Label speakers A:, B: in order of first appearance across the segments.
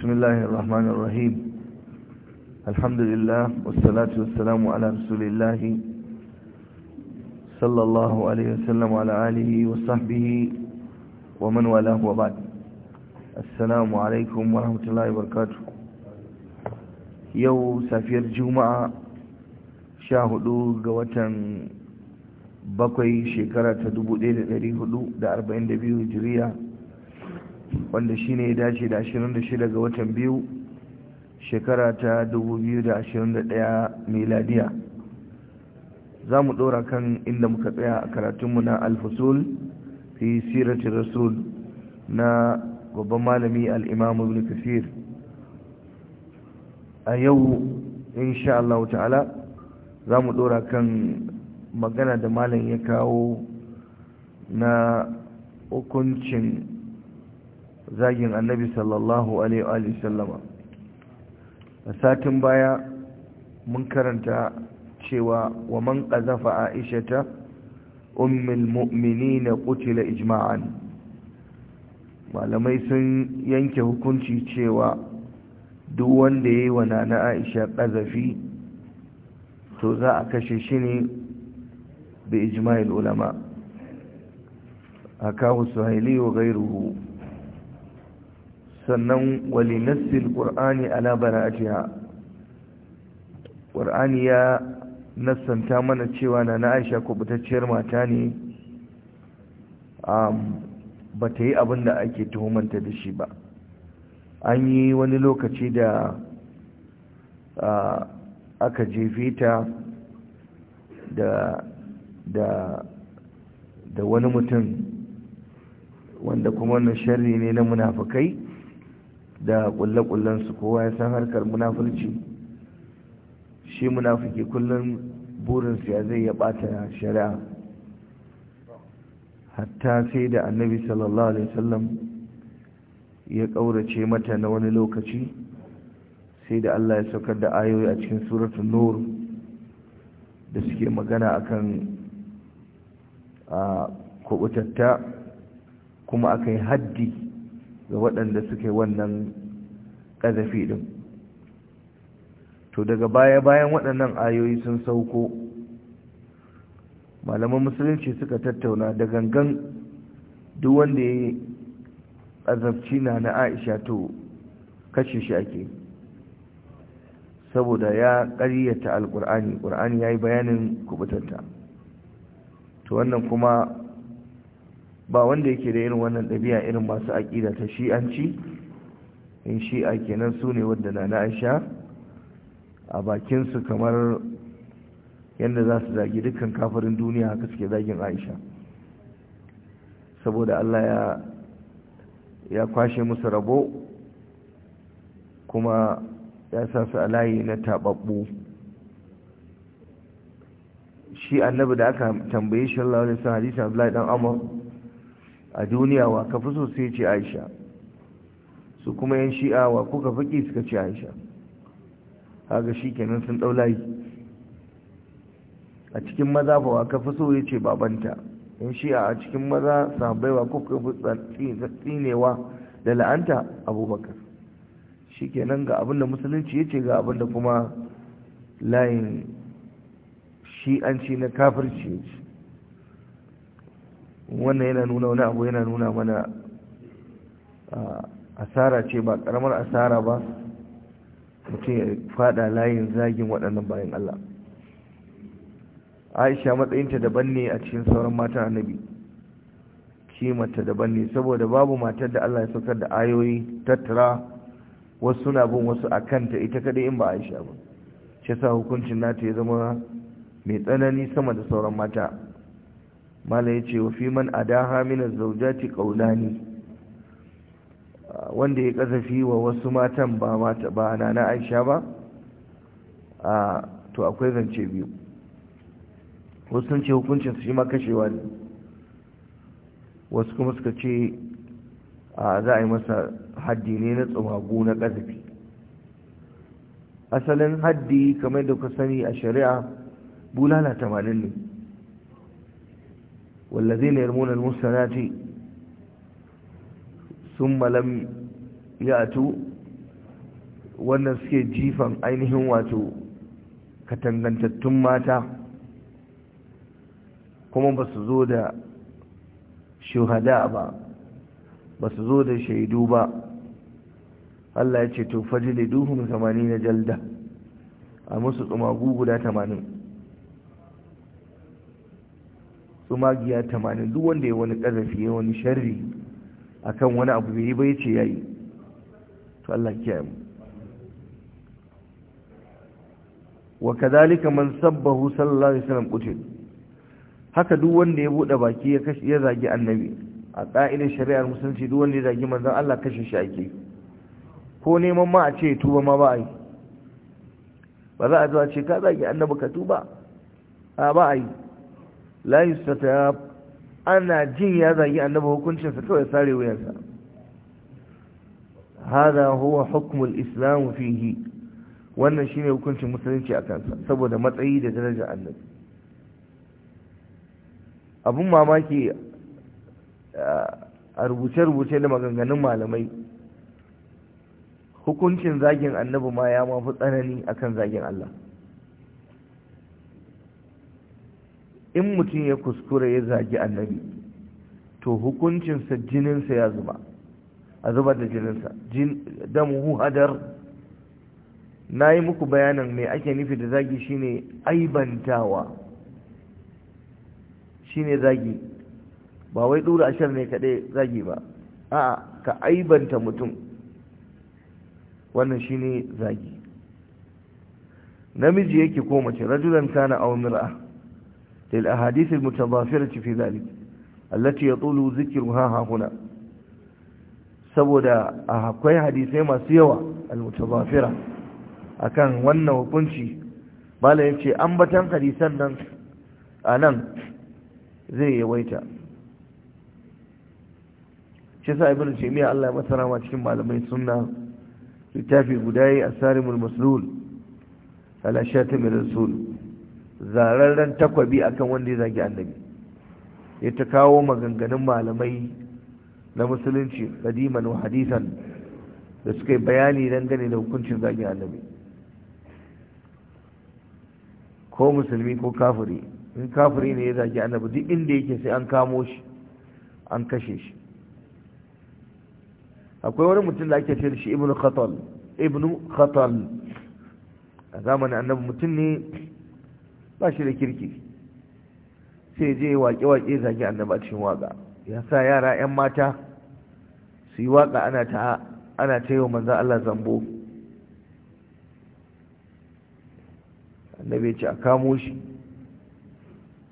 A: بسم الله الرحمن الرحيم الحمد لله والصلاة والسلام على رسول الله صلى الله عليه وسلم وعلى آله وصحبه ومن والاه وبعد السلام عليكم ورحمة الله وبركاته يو سافير جمعة شاهدوا قوة دو دار بين دبيو hijiriya wanda shine ya dace da 26 ga watan biyu shekara ta 2021 miladiya za mu ɗora kan inda muka tsaya a karatunmu na alfasul fi siratin rasul na babban malami al'imamu ibn kafir a yau insha ta'ala za mu ɗora kan magana da malam ya kawo na hukuncin zagin annabi sallallahu alaihi sallama a satin baya mun karanta cewa wa man qazafa ta ummul na qutila ijma'an malamai sun yanke hukunci cewa duk wanda yayi wa nana aisha ƙazafi to za a kashe shi ne bi ijma'il ulama akahu suhaili wa ghayruhu sannan wali nassil qur'ani ala bara'atiha qur'ani ya nassanta mana cewa na Aisha kubutacciyar mata ne um bata yi abin da ake tuhumanta da shi ba an yi wani lokaci da aka jefe ta da da da wani mutum wanda kuma wannan sharri ne na munafukai da kulle su kowa ya san harkar munafurci shi munafiki kullum burinsu ya zai ya bata shari'a hatta sai da annabi sallallahu alaihi wasallam ya kaurace mata na wani lokaci sai da Allah ya saukar da ayoyi a cikin suratul nur da suke magana akan a kubutatta kuma akai haddi ga waɗanda suke wannan ƙazafi ɗin to daga baya bayan waɗannan ayoyi sun sauko malaman musulunci suka tattauna da gangan duk wanda ya yi ƙazafci na na aisha to kashe shi ake saboda ya ƙaryata alƙur'ani ƙur'ani ya yi bayanin kubutanta to wannan kuma ba wanda yake da irin wannan ɗabi'a irin masu aƙida ta shi'anci in shi'a kenan su ne wadda na aisha a bakinsu kamar yadda za su zagi dukkan kafarin duniya haka suke zagin aisha saboda allah ya kwashe musu rabo kuma ya sa su a layi na taɓaɓɓu shi annabi da aka tambaye shi Allah wani sun hadisi Abdullahi dan Amr a duniya wa ka fi so sai ce aisha su kuma yan shi'a wa kuka faƙi suka ce aisha haga shi kenan sun ɗau layi a cikin maza fa wa ka fi so ya ce babanta yan shi'a a cikin maza sahabbai wa kuka fi tsinewa da la'anta abubakar shi kenan ga abinda musulunci ya ce ga abinda kuma layin shi'anci na kafirci ya ce wannan yana nuna wani abu yana nuna mana asara ce ba karamar asara ba mutum ya fada layin zagin waɗannan bayan Allah aisha matsayinta daban ne a cikin sauran matan annabi kimanta daban ne saboda babu matar da Allah ya saukar da ayoyi tattara wasu suna bin wasu a kanta ita kaɗai in ba aisha ba ce sa hukuncin nata ya zama mai tsanani sama da sauran mata mala ya ce wa fi man adaha min az-zawjati wanda ya kasafi wa wasu matan ba mata ba nana Aisha ba a to akwai zance biyu wasu sun ce hukuncin su shi ma kashewa ne wasu kuma suka ce za a yi masa haddi ne na tsumagu na kasafi asalin haddi kamar da ku sani a shari'a bulala tamanin ne والذين يرمون المحسنات ثم لم يأتوا wannan suke jifan ainihin wato katangantattun mata kuma ba su zo da shuhada ba ba su zo da shaidu ba Allah ya ce to fajile duhun zamani na jalda a musu tsumagu guda tamanin. su magiya tamanin duk wanda ya wani ƙarfi ya wani sharri akan wani abu bai yi bai ce ya yi to Allah kiyaye mu wa kadhalika man sabbahu sallallahu alaihi wasallam qutil haka duk wanda ya bude baki ya kashi ya zagi annabi a ƙa'idar shari'ar musulunci duk wanda ya zagi manzon Allah kashe shi ake ko neman ma a ce tuba ma ba ai ba za a zo a ce ka zagi annabi ka tuba a ba ai la ta ana jin ya zagi annabi hukuncin sa kawai sare wuyansa hada huwa hukmul islam fihi wannan shi ne hukuncin musulunci a kansa saboda matsayi da darajar annabi abin mamaki a rubuce-rubuce da maganganun malamai hukuncin zagin annabi ma ya mafi tsanani akan zagin Allah in mutum ya kuskure ya zagi annabi to hukuncinsa jininsa ya zuba a zuba da jininsa damuhu hadar na yi muku bayanin mai ake nufi da zagi shine aibantawa shine zagi ba wai dura ashar ne kaɗai zagi ba a'a ka aibanta mutum wannan shine zagi namiji yake ko mace rajulan kana aw mir'a للأحاديث المتضافرة في ذلك التي يطول ذكرها ها هنا saboda akwai hadisai masu yawa almutazafira akan wannan hukunci bala ce ambatan hadisan nan a nan zai yawaita shi sa ibnu taymiya Allah ya masa rahama cikin malamai sunna littafi guda yi asarimul maslul ala shatamir rasul zararren takwabi akan wanda ya zagi annabi ya ta kawo maganganun malamai na musulunci kadiman wa hadisan da suka yi bayani dangane da hukuncin zagin annabi ko musulmi ko kafiri in kafiri ne ya zagi annabi duk inda yake sai an kamo shi an kashe shi akwai wani mutum da ake ce shi ibnu khatal ibnu khatal a zamanin annabi mutum ne ba shi da kirki sai je waƙe-waƙe zage annaba cikin waƙa ya sa yara 'yan mata su yi waƙa ana ta ana ta yi wa manzan Allah zambo annabi ya ce a kamo shi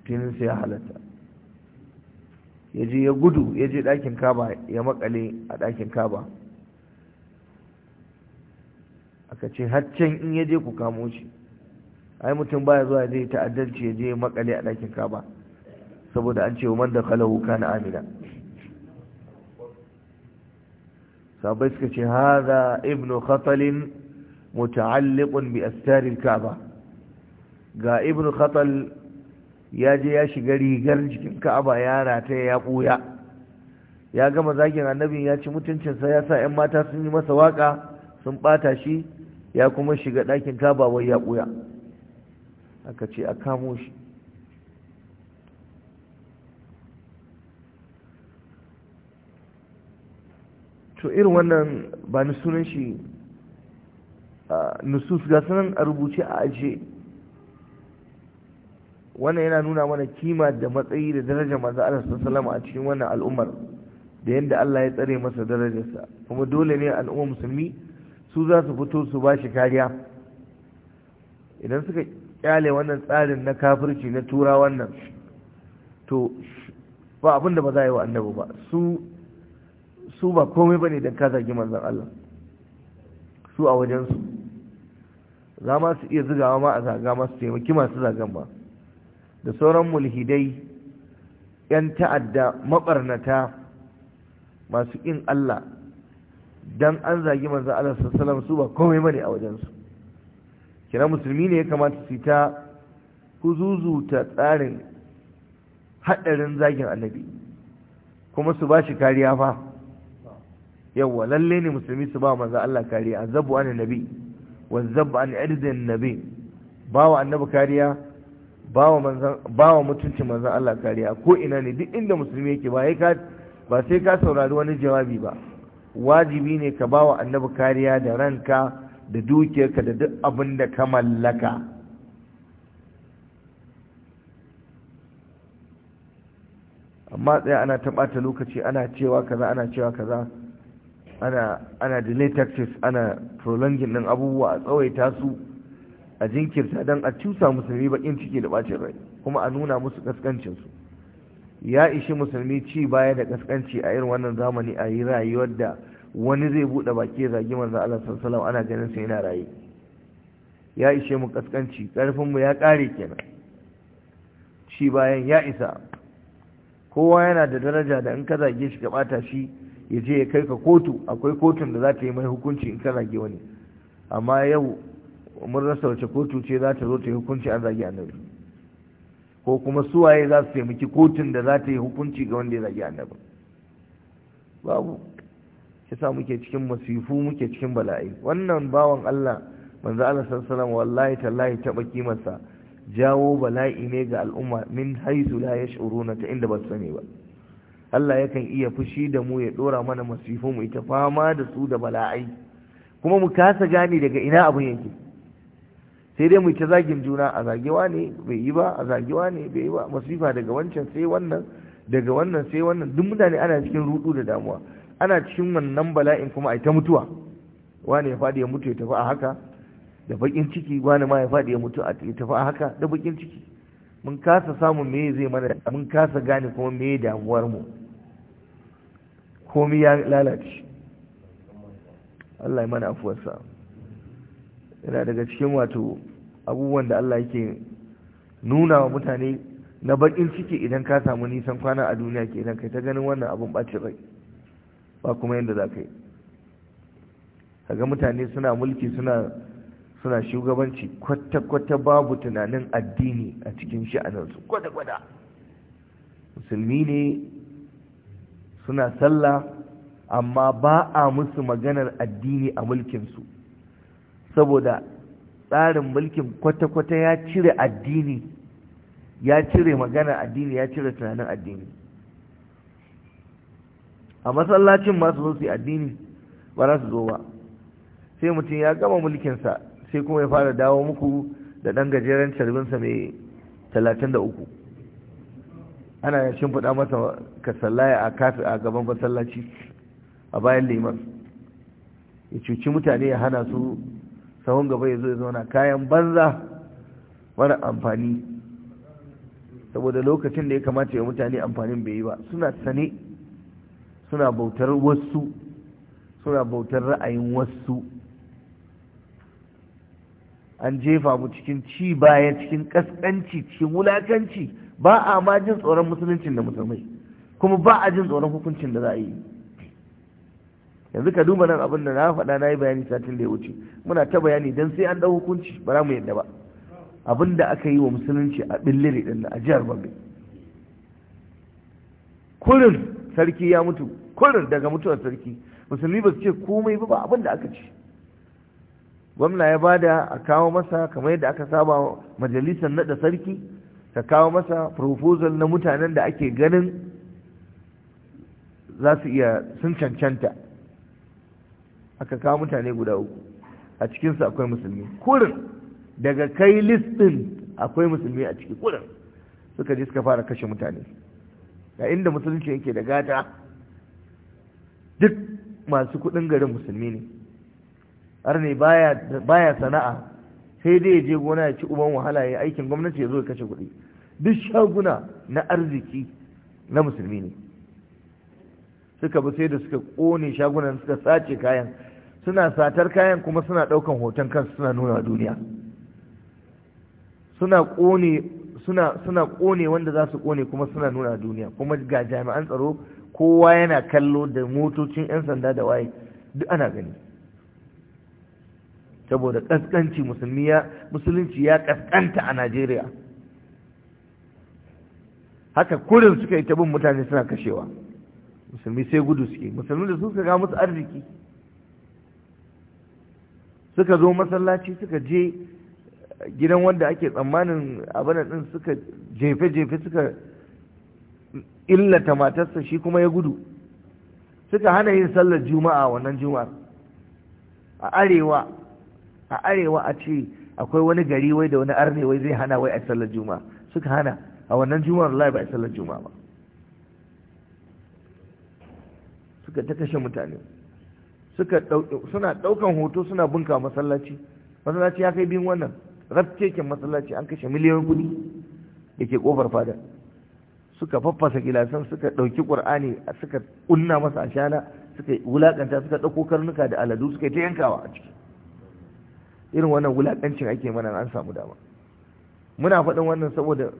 A: tunin sai ya halatta ya je ya gudu ya je ɗakin kaba ya makale a ɗakin kaba aka ce haccen in ya je ku kamo shi ai mutum baya zuwa zai ta'addanci ya je makale a ɗakin kaba saboda an ce wa man dakhalahu kana amina sabai suka ce hadha ibnu khatalin muta'alliqun bi astaril ka'ba ga ibnu khatal ya je ya shiga rigar jikin ka'aba ya rata ya buya ya gama zagin annabin ya ci mutuncinsa ya sa 'yan mata sun yi masa waka sun bata shi ya kuma shiga ɗakin kaba wai ya buya aka ce a kamo shi to irin wannan ba ni sunan shi nusus ga sanan a rubuce a ajiye wannan yana nuna mana kima da matsayi da daraja manzo Allah sallallahu a cikin wannan al'ummar da yadda Allah ya tsare masa darajarsa kuma dole ne al'ummar musulmi su za su fito su ba shi kariya idan suka kyale wannan tsarin na kafirci na tura wannan to ba abin da ba za a yi wa annabi ba su su ba komai ba ne don ka zagi manzan Allah su a wajensu za ma su iya zigawa ma a zaga masu taimaki masu zagan ba da sauran mulhidai 'yan ta'adda maɓarnata masu ƙin Allah don an zagi manzan Allah sassalam su ba komai ba ne a wajensu kira musulmi ne ya kamata su ta kuzuzuta tsarin haɗarin zagin annabi kuma su ba shi kariya fa yawa lalle ne musulmi su ba manzo Allah kariya azabu an nabi wa zabu an irdin nabi ba wa annabi kariya ba wa ba wa mutuncin maza Allah kariya ko ina ne duk inda musulmi yake ba ka ba sai ka saurari wani jawabi ba wajibi ne ka ba wa annabi kariya da ranka da dukiyarka da duk abin da ka mallaka amma tsaya ana taɓata lokaci ana cewa kaza ana cewa kaza ana ana delay taxes ana prolonging din abubuwa a tsawaita su a jinkirta don a cusa musulmi bakin ciki da bacin rai kuma a nuna musu ƙasƙancinsu. ya ishi musulmi ci baya da kaskanci a irin wannan zamani a yi rayuwar da wani zai buɗe baki ya zagi manzon Allah sallallahu ana ganin sa yana raye ya ishe mu kaskanci karfin mu ya kare kenan shi bayan ya isa kowa yana da daraja da in ka zage shi ka bata shi ya je ya kai ka kotu akwai kotun da za ta yi mai hukunci in ka zage wani amma yau mun rasa wace kotu ce za ta zo ta yi hukunci an zage annabi ko kuma suwaye za su taimaki kotun da za ta yi hukunci ga wanda ya zage annabi babu yasa muke cikin masifu muke cikin bala'i wannan bawan Allah manzo Allah sallallahu wallahi tallahi taba kimarsa jawo bala'i ne ga al'umma min haisu la yash'uruna ta inda ba su sani ba Allah yakan iya fushi da mu ya dora mana masifu mu ita fama da su da bala'i kuma mu kasa gane daga ina abin yake sai dai mu ta zagin juna a zagewa ne bai yi ba a zagewa ne bai yi ba masifa daga wancan sai wannan daga wannan sai wannan duk mutane ana cikin rudu da damuwa ana cikin wannan bala'in kuma ai ta mutuwa wani ya faɗi ya mutu ya tafi a haka da bakin ciki wani ma ya faɗi ya mutu ya tafi a haka da bakin ciki mun kasa samun me zai mana mun kasa gane kuma me damuwar mu komai ya lalace Allah ya mana afuwarsa yana daga cikin wato abubuwan da Allah yake nuna wa mutane na bakin ciki idan ka samu nisan kwana a duniya ke idan kai ta ganin wannan abun ɓacin rai ba kuma yadda za ka yi kaga mutane suna mulki suna shugabanci kwata-kwata babu tunanin addini a cikin sha'anarsu kwata-kwata musulmi ne suna sallah amma ba a musu maganar addini a mulkinsu saboda tsarin mulkin kwata-kwata ya cire addini ya cire maganar addini ya cire tunanin addini a masallacin masu zo su yi addini ba za su zo ba sai mutum ya gama mulkinsa sai kuma ya fara dawo muku da ɗan gajeren carbinsa mai talatin da uku ana shimfiɗa masa kasallaya a kafi a gaban masallaci a bayan liman ya cuci mutane ya hana su sahun gaba ya zo ya zauna kayan banza mara amfani saboda lokacin da ya kamata ya mutane amfanin bai yi ba suna sane suna bautar wasu suna bautar ra'ayin wasu an jefa mu cikin ci baya cikin kaskanci cikin wulakanci ba a ma jin tsoron musuluncin da musulmai kuma ba a jin tsoron hukuncin da za a yi yanzu ka duba nan abin da na faɗa na yi bayani satin da ya wuce muna ta bayani don sai an ɗau hukunci ba za mu yadda ba abin da aka yi wa musulunci a ɓillire ɗin a jihar bambe kurin sarki ya mutu kurin daga mutuwar sarki musulmi ba su ce komai ba abin da aka ci gwamna ya bada a kawo masa kamar yadda aka saba majalisar naɗa sarki ta kawo masa proposal na mutanen da ake ganin za su iya sun cancanta aka kawo mutane guda uku a cikinsu akwai musulmi kurin daga kai listin akwai musulmi a ciki kurin suka je suka fara kashe mutane ga inda musulunci yake da gata duk masu kudin garin musulmi ne arne baya sana'a sai dai ya je gona ya ci uban wahala ya aikin gwamnati ya zo ya kashe kuɗi duk shaguna na arziki na musulmi ne suka bi sai da suka kone shagunan suka sace kayan suna satar kayan kuma suna ɗaukan hoton kansu suna nuna duniya suna kone. suna suna kone wanda za su kone kuma suna nuna duniya kuma ga jami'an tsaro kowa yana kallo da motocin 'yan sanda da waye duk ana gani saboda kaskanci ya musulunci ya kaskanta a Najeriya haka kurin suka yi tabin mutane suna kashewa musulmi sai gudu suke musulmi da suka ga musu arziki suka zo masallaci suka je gidan wanda ake tsammanin abin din suka jefe-jefe suka illata matarsa shi kuma ya gudu suka hana yin sallar juma'a wannan juma'ar a arewa a arewa a ce akwai wani gari wai da wani arne wai zai hana wai a sallar juma'a suka hana a wannan juma'ar lai ba a sallar juma'a ba suka ta kashe mutane suna ɗaukan hoto suna bunka masallaci masallaci ya kai bin wannan rafkeken masallaci an kashe miliyan kuɗi da ke ƙofar fada suka faffasa gilasan suka ɗauki ƙur'ani suka ƙunna masa ashana suka wulaƙanta suka ɗauko karnuka da aladu suka yi ta yankawa a ciki irin wannan wulaƙancin ake mana an samu dama muna faɗin wannan saboda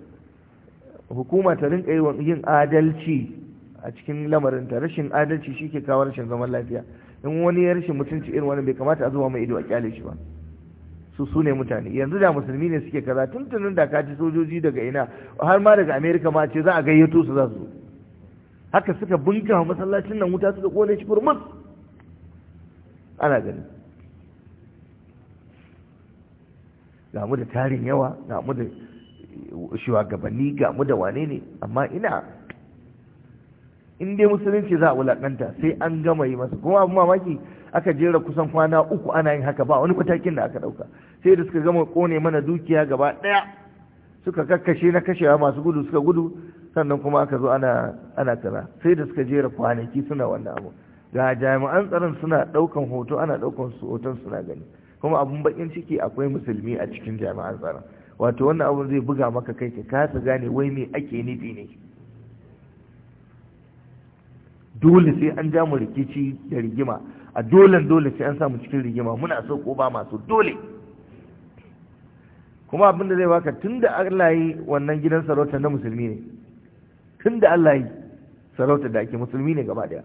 A: hukuma ta rinka yin adalci a cikin lamarin ta rashin adalci shi ke kawo rashin zaman lafiya in wani ya rashin mutunci irin wani bai kamata a zuwa mai ido a kyale shi ba su su ne mutane yanzu da musulmi ne suke kaza tuntunin da ka ci sojoji daga ina har ma daga amerika ma ce za a gayyato su za su haka suka bunka masallacin nan wuta suka kone shi furmus ana gani ga mu da tarin yawa ga mu da shugabanni ga mu da wane ne amma ina in dai musulunci za a wulakanta sai an gama yi masa kuma abu mamaki aka jera kusan kwana uku ana yin haka ba wani matakin da aka dauka sai da suka gama kone mana dukiya gaba ɗaya suka kakkashe na kashewa masu gudu suka gudu sannan kuma aka zo ana ana tara sai da suka jera kwanaki suna wannan abu ga jami'an tsaron suna ɗaukan hoto ana ɗaukan su hoton suna gani kuma abin bakin ciki akwai musulmi a cikin jami'an tsaron wato wannan abun zai buga maka kai ka kasa gane wai me ake nufi ne dole sai an ja mu rikici da rigima a dole dole sai an samu cikin rigima muna so ko ba masu dole kuma abin da zai baka da Allah yi wannan gidan sarauta na musulmi ne tun da Allah yi sarauta da ake musulmi ne gaba daya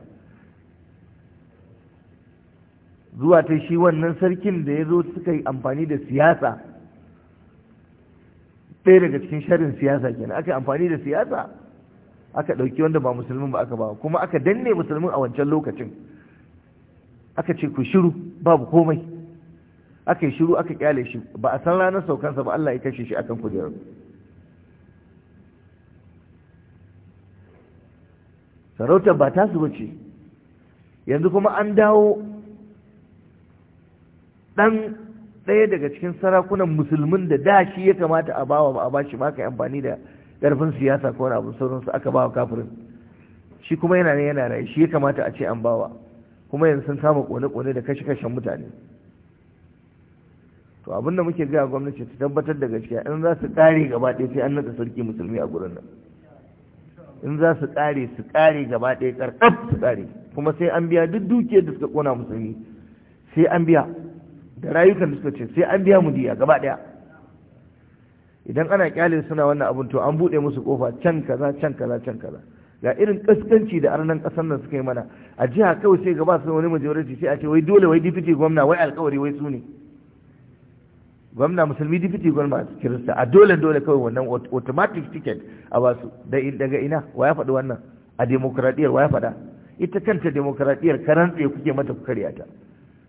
A: zuwa ta shi wannan sarkin da ya zo suka yi amfani da siyasa ɗaya daga cikin sharin siyasa kenan aka amfani da siyasa aka ɗauki wanda ba musulmin ba aka ba kuma aka danne musulmin a wancan lokacin aka ce ku shiru babu komai aka yi shiru aka kyale shi ba a san ranar saukansa ba Allah ya kashe shi akan kujerar sarautar ba ta su ce yanzu kuma an dawo ɗan ɗaya daga cikin sarakunan musulmin da da shi ya kamata a bawa ba a bashi ba ka amfani da ƙarfin siyasa ko wani abin sauransu aka bawa kafirin shi kuma yana ne yana rai shi ya kamata a ce an bawa kuma yanzu sun samu kone-kone da kashe-kashen mutane to abinda muke gaya gwamnati ta tabbatar da gaskiya in za su kare gaba ɗaya sai an naɗa sarki musulmi a gurin nan in za su kare su kare gaba ɗaya karkaf su kare, kuma sai an biya duk dukiyar da suka ƙona musulmi sai an biya da rayukan da suka ce sai an biya mu diya gaba ɗaya idan ana kyale suna wannan abin to an buɗe musu kofa can kaza can kaza can kaza ga irin kaskanci da arnan ƙasar nan suka yi mana a jiha kawai sai gaba su wani majority sai a ce wai dole wai dipiti gwamna wai alƙawari wai su ne gwamna musulmi dipiti gwamna kirista a dole dole kawai wannan automatic ticket a basu daga ina wa ya faɗi wannan a demokradiyar wa ya faɗa ita kanta demokradiyar karan tsaye kuke mata kukariya ta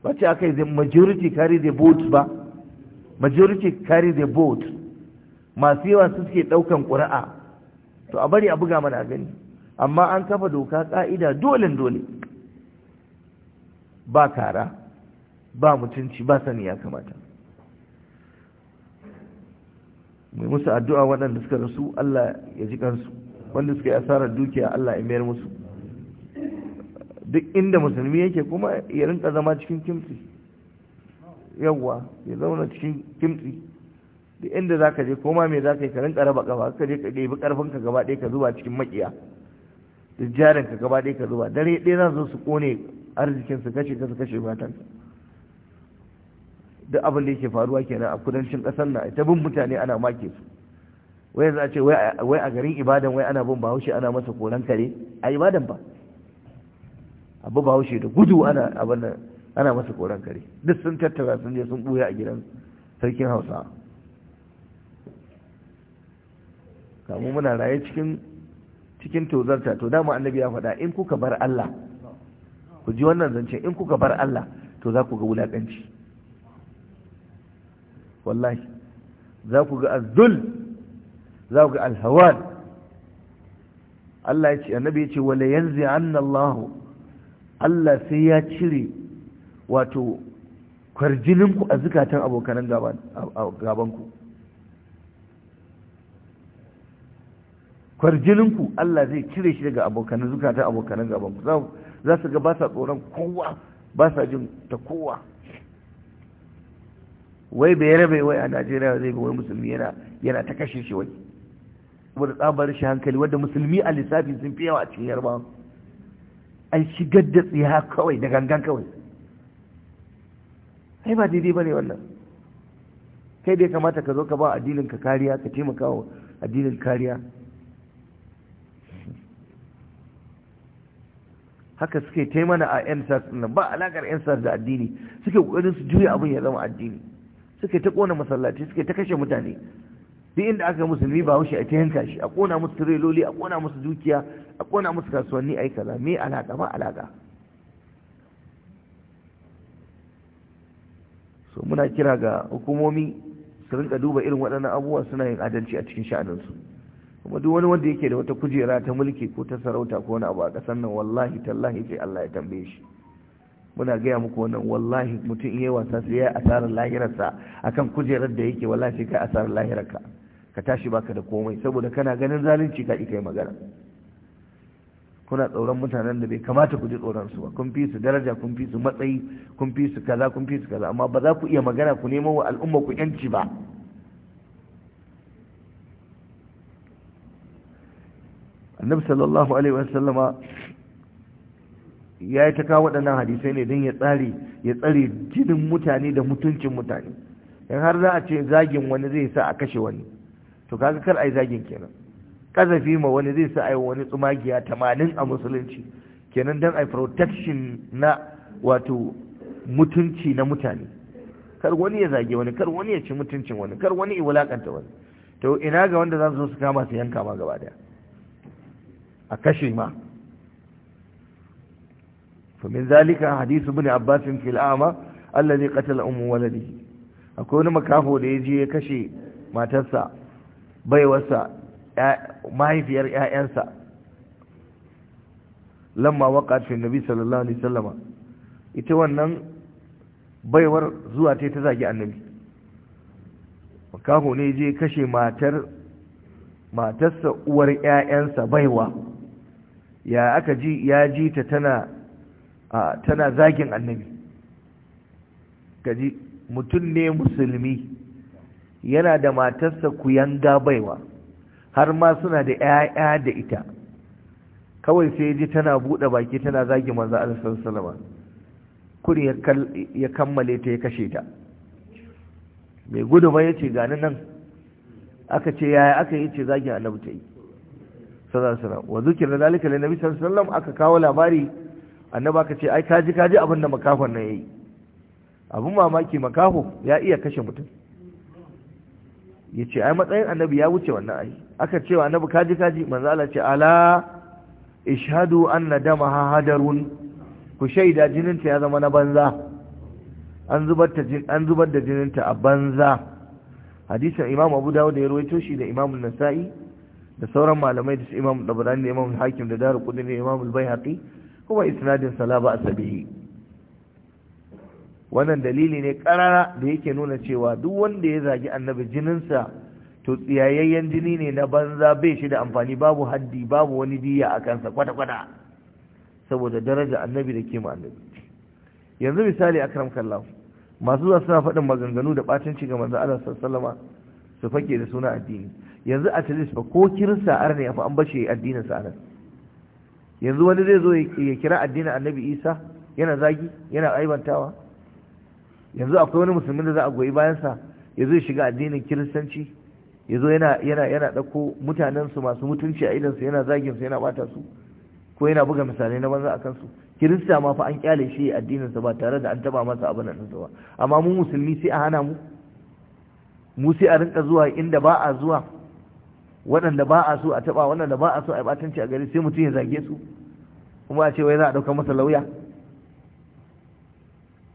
A: ba ce aka yi zai majority carry the vote ba majority carry the vote masu yawa su suke ɗaukan ƙuri'a to a bari a buga mana gani amma an kafa doka ƙa'ida dole dole ba kara ba mutunci ba sani ya kamata mai musu addu'a waɗanda suka rasu Allah ya ji kansu wanda suka yi asarar dukiya Allah ya mayar musu duk inda musulmi yake kuma ya rinka zama cikin kimtsi yawwa ya zauna cikin kimtsi duk inda za ka je koma mai za ka yi ka rinka raba gaba ka je ka ɗebi ƙarfinka gaba ɗaya ka zuba cikin maƙiya duk jarinka gaba ɗaya ka zuba dare ɗaya za su kone arzikinsu kashe ka su kashe matansa duk abin da yake faruwa kenan a kudancin kasar na ita bin mutane ana make su wai za a ce wai a garin ibadan wai ana bin bahaushe ana masa koran kare a ibadan ba abu bahaushe da gudu ana abin da ana masa koran kare duk sun tattara sun je sun buya a gidan sarkin hausa Kamun muna raye cikin cikin tozarta to dama annabi ya faɗa in kuka bar Allah ku ji wannan zance in kuka bar Allah to za ku ga wulaƙanci wallahi za ku ga Azul, za ku ga alhawan Allah ya ce annabi ya ce wala yanzi anna Allah Allah sai ya cire wato kwarjinin ku a zukatan abokan gaban ku kwarjinin ku Allah zai cire shi daga abokan zukatan abokan gaban ku za su ga ba sa tsoron kowa ba sa jin ta kowa wai bai rabe wai a najeriya zai ga wani musulmi yana yana ta kashe shi wai saboda tsabar shi hankali wadda musulmi a lissafi sun fi yawa a cikin yarba an shigar da tsiya kawai da gangan kawai ai ba daidai ba ne wannan kai dai kamata ka zo ka ba addinin ka kariya ka taimaka wa addinin kariya haka suke taimana a 'yan sars ba alakar 'yan sars da addini suke kokarin su juya abin ya zama addini suke ta kona masallaci suke ta kashe mutane duk inda aka yi musulmi ba haushi a ta yanka shi a kona musu tireloli a kona musu dukiya a kona musu kasuwanni yi kaza me alaka ba alaka so muna kira ga hukumomi su rinka duba irin waɗannan abubuwa suna yin adalci a cikin sha'aninsu kuma duk wani wanda yake da wata kujera ta mulki ko ta sarauta ko wani abu a ƙasar nan wallahi tallahi sai Allah ya tambaye shi muna gaya muku wannan wallahi mutum iya wasa sai ya asarar lahirarsa a kan kujerar da yake wallahi ka asarar lahirarka ka tashi baka da komai saboda kana ganin zalunci ka kai magana kuna tsoron mutanen da bai kamata ku ji tsoron su ba kun fi su daraja kun fi su matsayi kun fi su kaza kun fi su kaza amma ba za ku iya magana ku nemo wa al'umma ku yanci ba annabi sallallahu alaihi wasallama ya yi ta kawo waɗannan hadisai ne don ya tsare ya tsare jinin mutane da mutuncin mutane in har za a ce zagin wani zai sa a kashe wani to kaga kar a yi zagin kenan kazafi ma wani zai sa a yi wani tsumagiya tamanin a musulunci kenan don a yi protection na wato mutunci na mutane kar wani ya zage wani kar wani ya ci mutuncin wani kar wani ya wulakanta wani to ina ga wanda za su zo su kama su yanka ma gaba daya a kashe ma فمن ذلك حديث ابن عباس في الأعمى الذي قتل أم ولده أكون مكافو ليجي يكشي ما تسع بيوسع ما هي في ينسى lamma waqat fi annabi sallallahu alaihi wasallama ita wannan baiwar zuwa ta ta zagi annabi makaho ne je kashe matar matarsa uwar ƴaƴansa baiwa ya aka ji ya ji ta tana tana zagin annabi gaji mutum ne musulmi yana da matarsa yanga baiwa har ma suna da 'ya'ya da ita kawai sai ji tana buɗe baki tana zagi manzo Allah sallallahu alaihi kuri ya kammale ta ya kashe ta mai gudu ba yace gani nan aka ce yaya aka yi ce zagin annabi ta yi sallallahu alaihi wasallam wa zikr zalika lin nabi sallallahu alaihi wasallam aka kawo labari annaba ka ce ai kaji kaji abin da makahon nan yayi abin mamaki makaho ya iya kashe mutum yace ai matsayin annabi ya wuce wannan ai aka ce wa annabi kaji kaji manzo Allah ce ala ishhadu anna damaha hadarun ku shaida jininta ya zama na banza an zubar ta an zubar da jininta a banza hadisin imam abu dawud ya rawaito shi da imam an-nasa'i da sauran malamai da su imam dabrani da imam hakim da daru kudin da imam al-baihaqi kuma isnadin sala ba asabihi wannan dalili ne karara da yake nuna cewa duk wanda ya zagi annabi jininsa to tsiyayayyen jini ne na banza bai shi da amfani babu haddi babu wani diya a kansa kwata-kwata saboda daraja annabi da kima annabi yanzu misali karam kallahu masu zuwa suna faɗin maganganu da ɓatanci ga manzan Allah sallama su fake da suna addini yanzu a ba ko kirsa a fa an bashe addinin sa'adar. yanzu wani zai zo ya kira addinin annabi isa yana zagi yana aibantawa yanzu akwai wani musulmin da za a goyi bayansa ya zo shiga addinin kiristanci ya zo yana yana yana ɗauko mutanensu masu mutunci a idansu yana zaginsu yana bata su ko yana buga misalai na banza a kansu kirista ma fa an kyale shi addininsa ba tare da an taba masa abin nan ba amma mu musulmi sai a hana mu mu sai a rinka zuwa inda ba a zuwa waɗanda ba a so a taɓa waɗanda ba a so a yi batanci a gari sai mutum ya zage su kuma a ce wai za a ɗauka masa lauya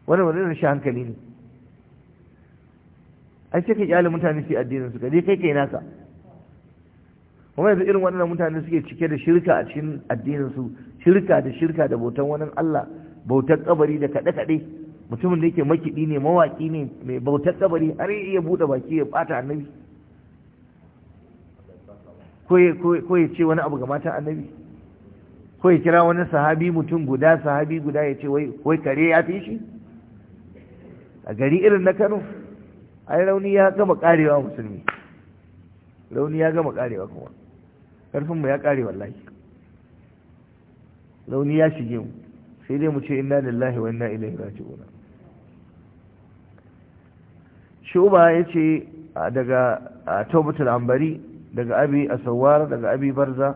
A: wani wani rashin hankali ne ai sai ka kyale mutane su addinin su kai kai naka kuma yanzu irin waɗannan mutane suke cike da shirka a cikin addinin su shirka da shirka da bautan wani Allah bautar kabari da kaɗe kaɗe mutumin da yake makiɗi ne mawaƙi ne mai bautar kabari har iya buɗe baki ya ɓata annabi ko ya ce wani abu ga matan annabi ko ya kira wani sahabi mutum guda sahabi guda ya ce wai kare ya fi shi a gari irin na kano ai rauni ya gama karewa musulmi rauni ya gama karewa kuma karfinmu ya kare wallahi rauni ya shige mu sai dai mu ce inna lillahi wa inna ilaihi raji'un shuba yace daga tawbatul ambari daga abi a asawar daga abi barza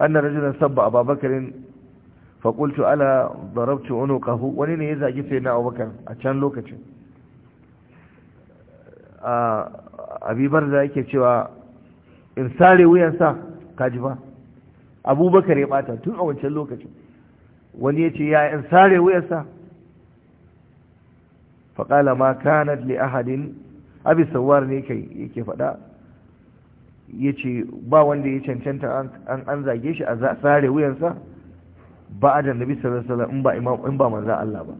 A: anna rajulan sabba a fa qultu ala darabtu unuqahu wani ne ya zagi sai na abubakar a can lokacin a abi barza yake cewa in sare wuyansa kaji ba abubakar ya bata tun a wancan lokacin wani ya ce ya in sare wuyansa faƙala ma kanat li ahadin abi sawar ne yake faɗa ya ce ba wanda ya cancanta an zage shi a tsare wuyansa ba a jannabi salasala in ba manzan Allah ba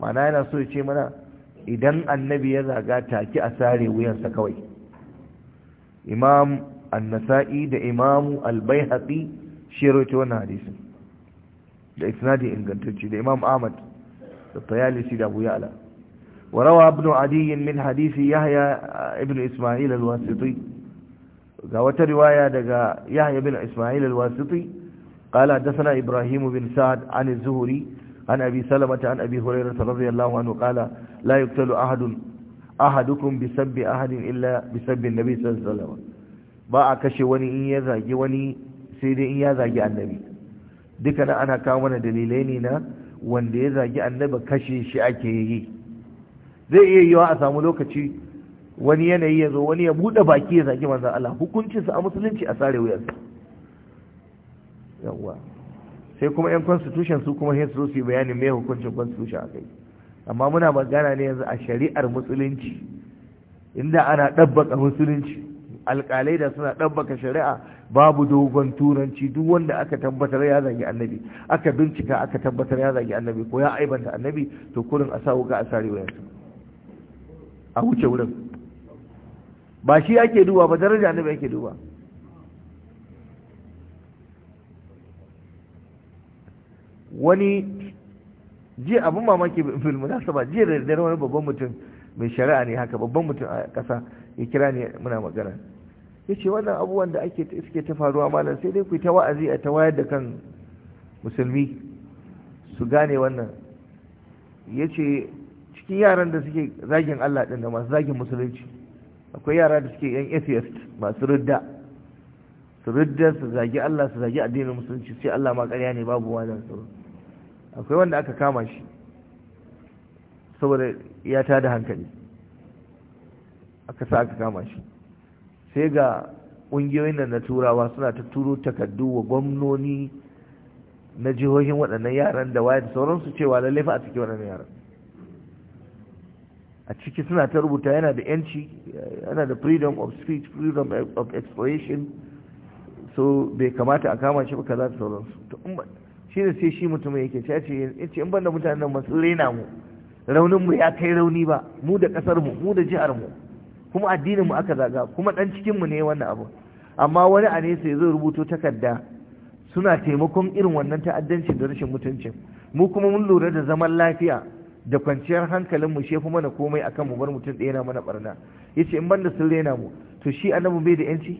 A: mana yana so ya ce mana idan annabi ya zaga take a tsare wuyansa kawai imam annasa'i da imamu albai haƙi shirota wannan hadisun da isnadi ingantacci da imam ahmad da tayalisi da abu ya'ala وروى ابن عدي من حديث يحيى ابن إسماعيل الواسطي ga wata riwaya daga yahya bin ismail al-wasiti qala dasana ibrahim bin sa'd an az-zuhri an abi salamah an abi hurairah radiyallahu anhu qala la yuqtalu ahadun ahadukum bi sabbi ahadin illa bi sabbi an-nabi sallallahu alaihi wasallam ba akashi wani in ya zagi wani sai dai in ya zagi annabi dukana ana kawo mana dalilai ne na wanda ya zagi annabi kashe shi ake yi zai iya yiwa a samu lokaci wani yanayi ya zo wani ya buɗe baki ya zaki manzan Allah hukuncinsa a musulunci a sare wuyarsa yawwa sai kuma 'yan constitution su kuma hesu su yi bayanin mai hukuncin constitution a kai amma muna magana ne yanzu a shari'ar musulunci inda ana ɗabbaka musulunci alƙalai da suna ɗabbaka shari'a babu dogon turanci duk wanda aka tabbatar ya zagi annabi aka bincika aka tabbatar ya zagi annabi ko ya aibanta annabi to kurin a sa wuka a sare wuyarsa a wuce wurin ba shi ake duba ba daraja annabi ake duba wani jiya abin mamaki fil munasaba jiya da dare wani babban mutum mai shari'a ne haka babban mutum a ƙasa ya kira ne muna magana ya ce wannan abubuwan da ake suke ta faruwa malam sai dai ku ta wa'azi a ta wayar da kan musulmi su gane wannan ya ce cikin yaran da suke zagin Allah ɗin da masu zagin musulunci akwai yara da suke yan atheist masu rudda su rudda su zagi Allah su zagi addinin musulunci sai Allah ma ƙarya ne babu da su akwai wanda aka kama shi saboda ya tada hankali aka sa aka kama shi sai ga ƙungiyoyin nan na turawa suna ta turo takardu wa gwamnoni na jihohin waɗannan yaran da wayar da sauransu cewa lallai fa a cikin waɗannan yaran a ciki suna ta rubuta yana da yanci yana da freedom of speech freedom of expression so bai kamata a kama shi baka za da sauransu to shi ne sai shi mutum yake ce yace in banda nan masu rena mu raunin mu ya kai rauni ba mu da kasar mu mu da jihar mu kuma addinin mu aka zaga kuma dan cikin mu ne wannan abu amma wani a nesa zai rubuto takarda suna taimakon irin wannan ta'addanci da rashin mutuncin mu kuma mun lura da zaman lafiya da kwanciyar hankalin mu shefu mana komai akan mu bar mutum ɗaya na mana barna yace in banda sun rena mu to shi annabi bai da yanci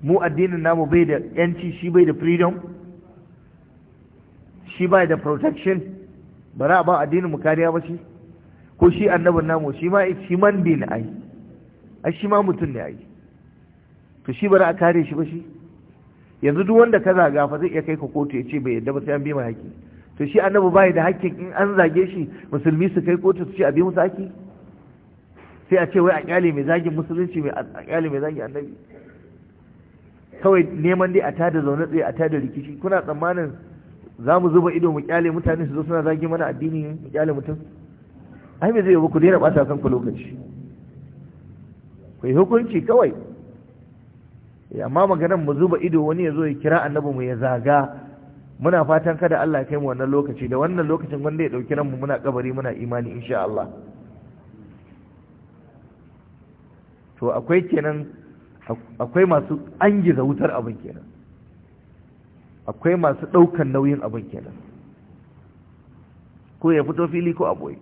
A: mu addinin namu bai da yanci shi bai da freedom shi bai da protection ba za a ba addinin mu kariya ba shi ko shi annabin namu shi ma shi man bin ai a shi ma mutum ne ai to shi ba za a kare shi ba shi yanzu duk wanda ka zaga fa zai iya kai ka kotu ya ce bai yadda ba sai an bi mai haƙi to shi annabi bai da hakkin in an zage shi musulmi su kai kotu su ce abi musu haki sai a ce wai a kyale mai zagin musulunci mai a kyale mai zagin annabi kawai neman dai a tada zaune tsaye a tada rikici kuna tsammanin za mu zuba ido mu kyale mutane su zo suna zagi mana addini mu kyale mutum ai me zai yi ku daina ɓata kanku lokaci ku yi hukunci kawai eh, amma maganar mu zuba ido wani ya zo ya kira annabi mu ya zaga muna fatan kada Allah ya kai mu wannan lokaci da wannan lokacin wanda ya dauki ranmu muna kabari muna imani insha Allah to akwai kenan akwai masu angiza wutar abin kenan akwai masu daukan nauyin abin kenan ko ya fito fili ko aboye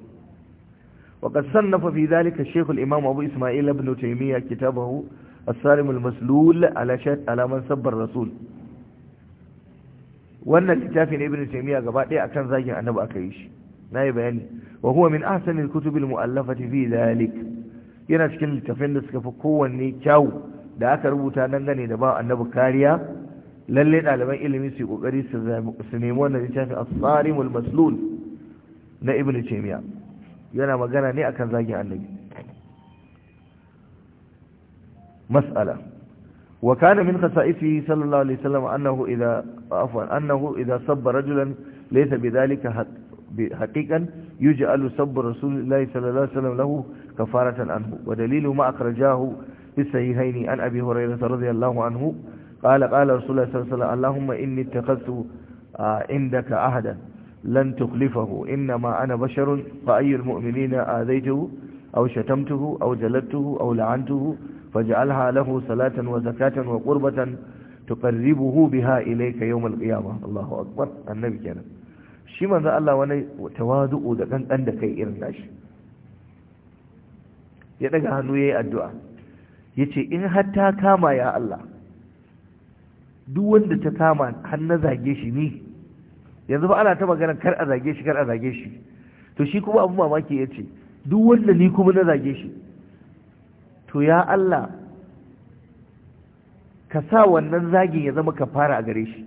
A: وقد صنف في ذلك الشيخ الإمام أبو إسماعيل ابن تيمية كتابه السالم المسلول على, على من سب الرسول wannan littafin ibn taymiya gaba ɗaya akan zagin annabi aka yi shi nayi bayani wa huwa min ahsanil kutubil mu'allafati fi dhalik yana cikin littafin da suka fi kowanne kyau da aka rubuta nan gane da ba annabi kariya lalle ɗaliban ilimi su kokari su nemi wannan littafin as-sarimul maslul na ibn taymiya yana magana ne akan zagin annabi mas'ala وكان من خصائصه صلى الله عليه وسلم أنه إذا عفوا أنه إذا سب رجلا ليس بذلك حقيقا يجعل سب رسول الله صلى الله عليه وسلم له كفارة عنه ودليل ما أخرجاه في الصحيحين عن أبي هريرة رضي الله عنه قال قال رسول الله صلى الله عليه وسلم اللهم إني اتخذت آه، عندك عهدا لن تخلفه إنما أنا بشر فأي المؤمنين آذيته أو شتمته أو جلدته أو لعنته فاجعلها له صلاة وزكاة وقربة تقربه بها إليك يوم القيامة الله أكبر النبي كان شي من ذا الله وني تواضع ده كان عند irin إرن ناشي ya daga hannu yayi addu'a yace in har ta kama ya Allah duk wanda ta kama har na zage shi ni yanzu ba ana ta magana kar a zage shi kar a zage shi to shi kuma abu mamaki yace duk wanda ni kuma na zage shi to ya Allah ka sa wannan zagin ya zama ka fara a gare shi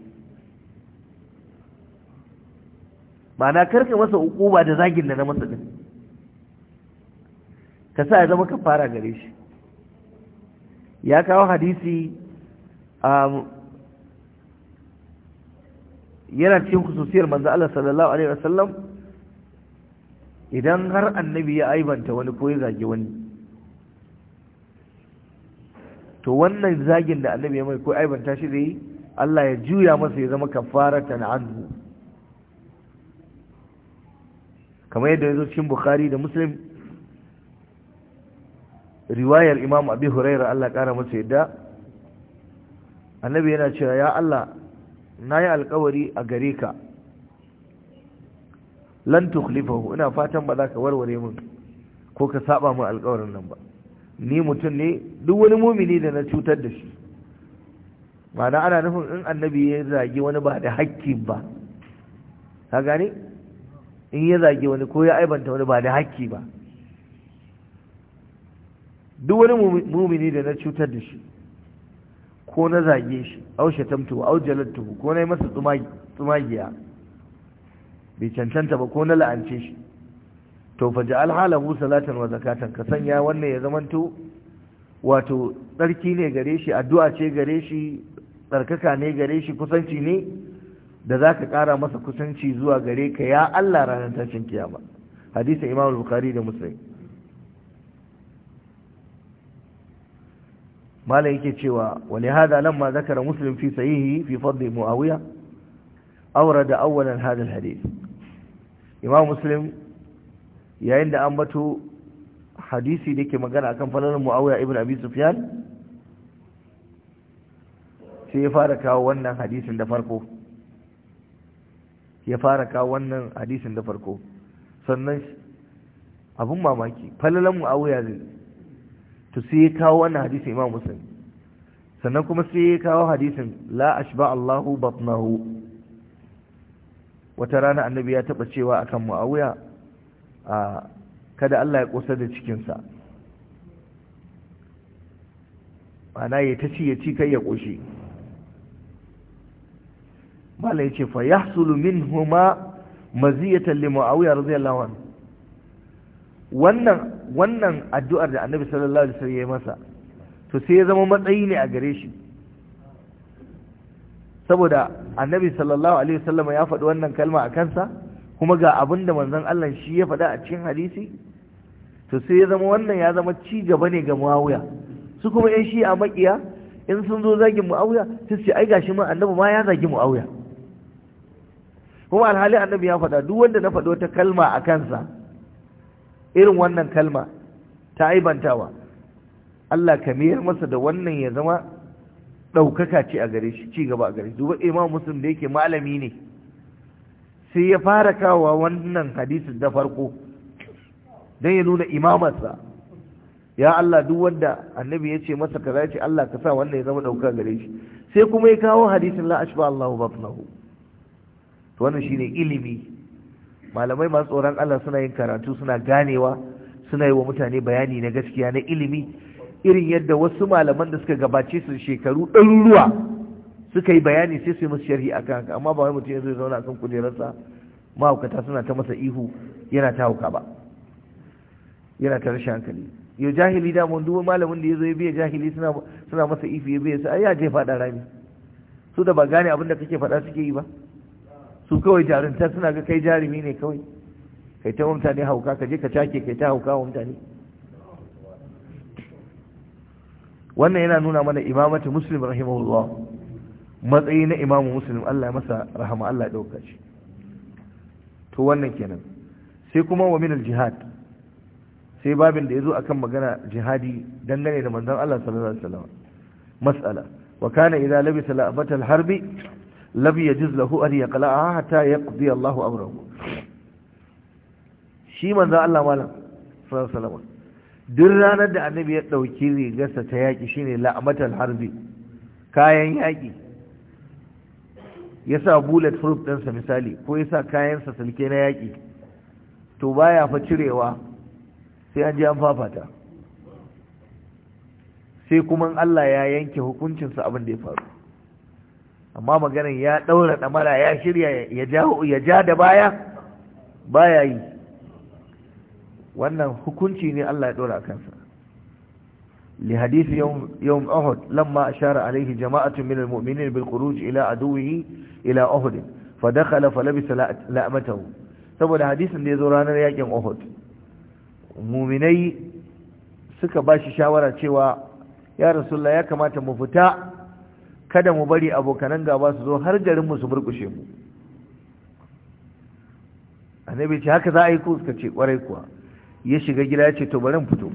A: ma'ana karka masa hukuma da zagin da na masa din ka sa ya zama ka a gare shi ya kawo hadisi um, yana cikin kususiyar manzo Allah sallallahu alaihi wasallam idan har annabi ya aibanta wani ko ya zage wani to wannan zagin da annabi ya mai ko ta shi da yi Allah ya juya masa ya zama na anhu kamar yadda ya zo cikin bukhari da muslim riwayar imam abi huraira Allah kara masa yadda annabi yana cewa ya Allah na yi alkawari a gare ka lantuk lifahu ina fatan ba za ka warware mun ko ka saba min alkawarin nan ba ni mutum ne duk wani mumini da na cutar da shi ma'ana ana nufin in annabi ya zagi wani ba da hakki ba ka gani in ya zagi wani ko ya aibanta wani ba da hakki ba duk wani mumini da na cutar da shi ko na zage shi au shatamtu au jalattu ko na yi masa tsumagiya bai cancanta ba ko na la'ance shi to fa ja'al halahu salatan wa zakatan ka sanya wannan ya zamanto wato tsarki ne gare shi addu'a ce gare shi tsarkaka ne gare shi kusanci ne da zaka kara masa kusanci zuwa gare ka ya Allah ranar tashin kiyama hadisa Imam Bukhari da Muslim mala yake cewa wani hada nan ma zakara muslim fi sahihi fi fadli muawiya awrada awwalan hada alhadith imam muslim yayin da an bato hadisi da ke magana akan falalar mu'awiya ibn abi sufyan sai ya fara kawo wannan hadisin da farko ya fara kawo wannan hadisin da farko sannan abun mamaki falalar mu'awiya zai to sai ya kawo wannan hadisin imam Musulmi, sannan kuma sai ya kawo hadisin la ashba Allahu batnahu wata rana annabi ya taba cewa akan mu'awiya kada Allah ya kusa da cikinsa ana ya ta ci ya ci kai ya ƙoshi mala ya ce fa ya min huma maziyatan li a radiyallahu anhu wannan wannan addu'ar da annabi sallallahu alaihi wasallam ya yi masa to sai ya zama matsayi ne a gare shi saboda annabi sallallahu alaihi wasallam ya faɗi wannan kalma a kansa kuma ga abin da manzon Allah shi ya faɗa a cikin hadisi to sai ya zama wannan ya zama ci gaba ne ga Muawiya su kuma yan shi a makiya in sun zo zagin Muawiya sai su ai gashi mun annabi ma ya zagi Muawiya kuma alhali annabi ya faɗa duk wanda na faɗo wata kalma a kansa irin wannan kalma ta aibantawa Allah ka mayar masa da wannan ya zama ɗaukaka ce a gare shi ci gaba a gare shi duba imam muslim da yake malami ne sai ya fara kawo wannan hadisin da farko don ya nuna imamarsa ya Allah duk wanda annabi ya ce masa ka zai ce Allah ka sa wannan ya zama dauka gare shi sai kuma ya kawo hadisin la ashba Allahu batnahu to wannan shine ilimi malamai masu tsoron Allah suna yin karatu suna ganewa suna yi wa mutane bayani na gaskiya na ilimi irin yadda wasu malaman da suka gabace su shekaru ɗaruruwa suka yi bayani sai su yi musu sharhi akan haka amma ba wai mutum ya zo ya zauna kan kujerarsa mahaukata suna ta masa ihu yana ta hauka ba yana ta rashin hankali yau jahili da mun duba malamin da ya zo ya biya jahili suna suna masa ihu ya biya su ai ya je faɗa rami su da ba gane abin da kake faɗa suke yi ba su kawai jarumta suna ga kai jarumi ne kawai kai ta ne hauka ka je ka take kai ta hauka wamta mutane wannan yana nuna mana imamatu muslim rahimahullah matsayi na imamu muslim Allah masa rahama Allah ɗauka shi to wannan kenan sai kuma wa minal jihad sai babin da ya zo akan magana jihadi dangane da manzon Allah sallallahu alaihi wasallam mas'ala wa kana idza labisa la'batal harbi lam yajiz lahu an yaqla'a hatta yaqdi Allahu amrahu shi manzon Allah malam sallallahu alaihi wasallam duk ranar da annabi ya dauki rigarsa ta yaki shine la'matal harbi kayan yaki ya sa bullet proof ɗinsa misali ko ya sa kayansa silke na yaƙi to baya fa cirewa sai an ji an fafata sai kuma Allah ya yanke hukuncinsa abin da ya faru amma maganin ya ɗaura ɗamara ya shirya ya ja da baya baya yi wannan hukunci ne Allah ya ɗora kansa لحديث يوم, يوم أهد لما أشار عليه جماعة من المؤمنين بالخروج إلى عدوه إلى أهد فدخل فلبس لأمته saboda hadisin da ya zo ranar yakin مؤمني muminai suka ba shi shawara cewa ya يا ya kamata mu fita kada mu bari abokanan gaba su zo har garin mu su burkushe mu annabi ce haka za a yi ku suka ce kwarai kuwa ya shiga gida ya ce to bari mu fito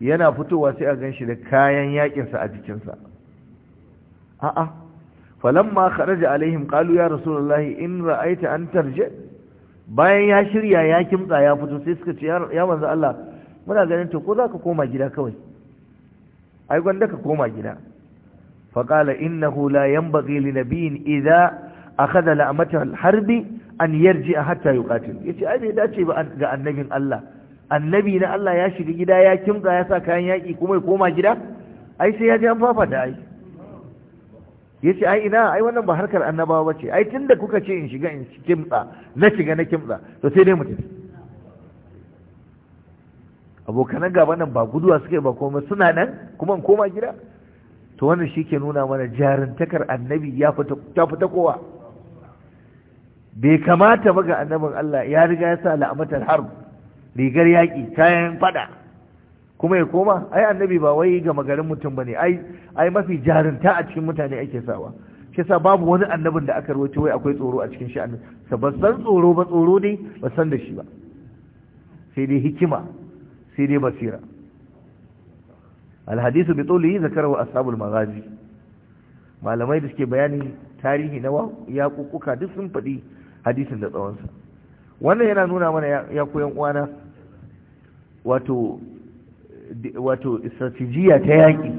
A: yana fitowa sai a shi da kayan yakinsa a jikinsa a'a falamma kharaja alaihim qalu ya rasulullahi in ra'aita an tarje bayan ya shirya ya kimtsa ya fito sai suka ce ya manzo Allah muna ganin to ko zaka koma gida kawai ai gwanda ka koma gida faqala innahu la yanbaghi li nabiyyin idza akhadha la'mata al-harbi an yarji hatta yuqatil yace ai bai dace ba ga annabin Allah annabi na Allah ya shiga gida ya kimtsa ya sa kayan yaƙi kuma ya koma gida ai sai ya ji an fafata ai ya ce ai ina ai wannan ba harkar annabawa ba ce ai tun da kuka ce in shiga in kimtsa na shiga na kimtsa to sai dai mu tafi abokanan gaba nan ba guduwa suka yi ba komai suna nan kuma in koma gida to wannan shi ke nuna mana jarintakar annabi ya fita kowa bai kamata ba ga annabin Allah ya riga ya sa la'amatar haru? rigar yaƙi kayan fada kuma ya koma ai annabi ba wai gama garin mutum bane ai ai mafi jarinta a cikin mutane ake sawa shi yasa babu wani annabin da aka rawaito wai akwai tsoro a cikin shi annabi ba san tsoro ba tsoro ne ba san da shi ba sai dai hikima sai dai basira alhadisu bi tsoli zakarwa ashabul maghazi malamai da suke bayani tarihi na yaƙuƙuka duk sun faɗi hadisin da tsawonsa wannan yana nuna mana ya koyan uwana wato wato strategiya ta yaƙi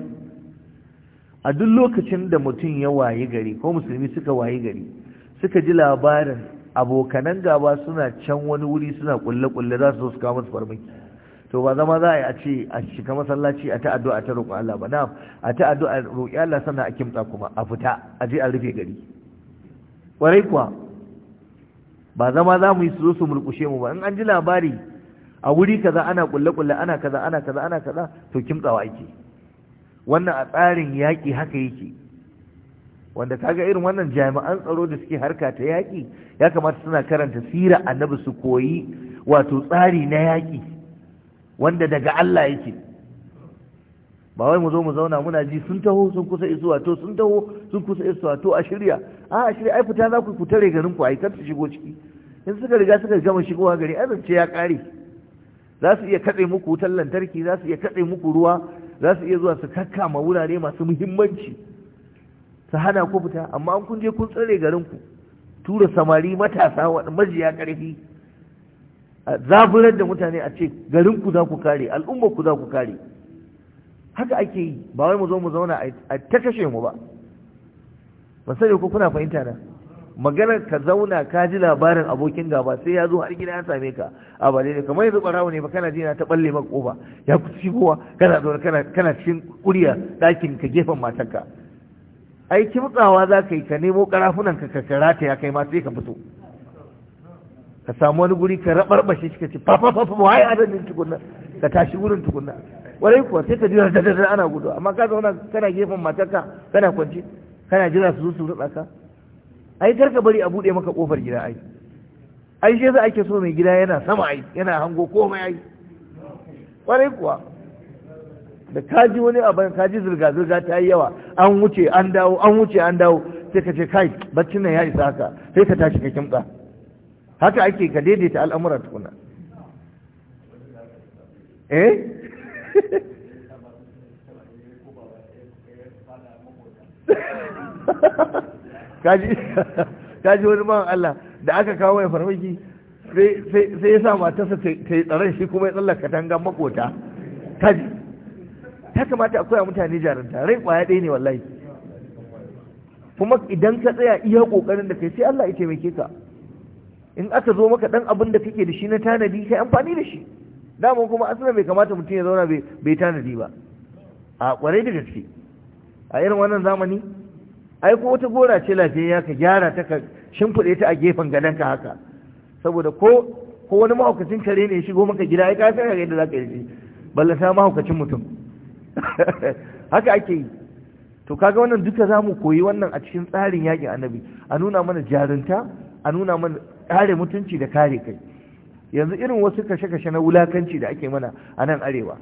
A: a duk lokacin da mutum ya wayi gari ko musulmi suka wayi gari suka ji labarin abokanan gaba suna can wani wuri suna kulle-kulle za su zo su kawo masu farmaki to ba zama za a yi a ce a shiga masallaci a ta addu'a ta roƙi Allah ba na a ta addu'a roƙi Allah sannan a kimta kuma a fita a je a rufe gari ƙwarai kuwa ba zama za mu yi su zo su murƙushe mu ba in an ji labari a wuri kaza ana kulle kulle ana kaza ana kaza ana kaza to kimtsawa ake wannan a tsarin yaki haka yake wanda kaga irin wannan jami'an tsaro da suke harka ta yaki ya kamata suna karanta sira annabi su koyi wato tsari na yaki wanda daga Allah yake ba wai mu zo mu zauna muna ji sun taho sun kusa isuwa to sun taho sun kusa isuwa to a shirya a a shirya ai fita za ku ku tare garin ku ai kar su shigo ciki in suka riga suka gama shigowa gari azance ya kare za su iya katse muku wutar lantarki za su iya katse muku ruwa za su iya zuwa su kakkama wurare masu muhimmanci su hana ku fita amma an kun je kun tsare garinku tura samari matasa waɗanda majiya ƙarfi zaburar da mutane a ce garinku za ku kare al'ummarku za ku kare haka ake yi ba wai mu zo mu zauna a ta kashe mu ba ba sai ku kuna fahimta na maganar ka zauna ka ji labarin abokin gaba sai ya zo har gida ya same ka a bale ne kamar yanzu barawo ne ba kana jina ta balle maka kofa ya ci shigowa kana zo kana kana cikin kuriya ɗakin ka gefen matanka ai kimtsawa za ka yi ka nemo karafunan ka ka karata ya kai ma sai ka fito ka samu wani guri ka rabarba shi ka ce papa fa fa wai nan tukunna ka tashi wurin tukunna warai kuwa sai ka jira da ana gudu amma ka zauna kana gefen matanka kana kwance kana jira su zo su rubaka ka ai karka bari a buɗe maka ƙofar gida ai ai shi yasa ake so mai gida yana sama ai yana hango komai ai kwarai kuwa da kaji wani abin kaji zirga zirga ta yi yawa an wuce an dawo an wuce an dawo sai ka ce kai baccin nan ya isa haka sai ka tashi ka kimtsa haka ake ka daidaita al'amura tukuna eh ha ha ha kaji wani ban Allah da aka kawo ya farmaki sai ya sa matarsa ta yi tsaron shi kuma ya tsallaka tangan makota kaji ta kamata a koya mutane jarinta rai kwaya ɗaya ne wallahi kuma idan ka tsaya iya ƙoƙarin da kai sai Allah ya taimake ka in aka zo maka ɗan abin da kake da shi na tanadi kai amfani da shi dama kuma asali bai kamata mutum ya zauna bai tanadi ba a ƙwarai da gaske a irin wannan zamani ai ko wata gora ce lafiya ka gyara ta ka shimfiɗe ta a gefen gadonka haka saboda ko ko wani mahaukacin kare ne ya shigo maka gida ai ka san ga yadda zaka yi balla ta mahaukacin mutum haka ake yi to kaga wannan duka zamu koyi wannan a cikin tsarin yakin annabi a nuna mana jarunta a nuna mana kare mutunci da kare kai yanzu irin wasu kashe-kashe na wulakanci da ake mana a nan arewa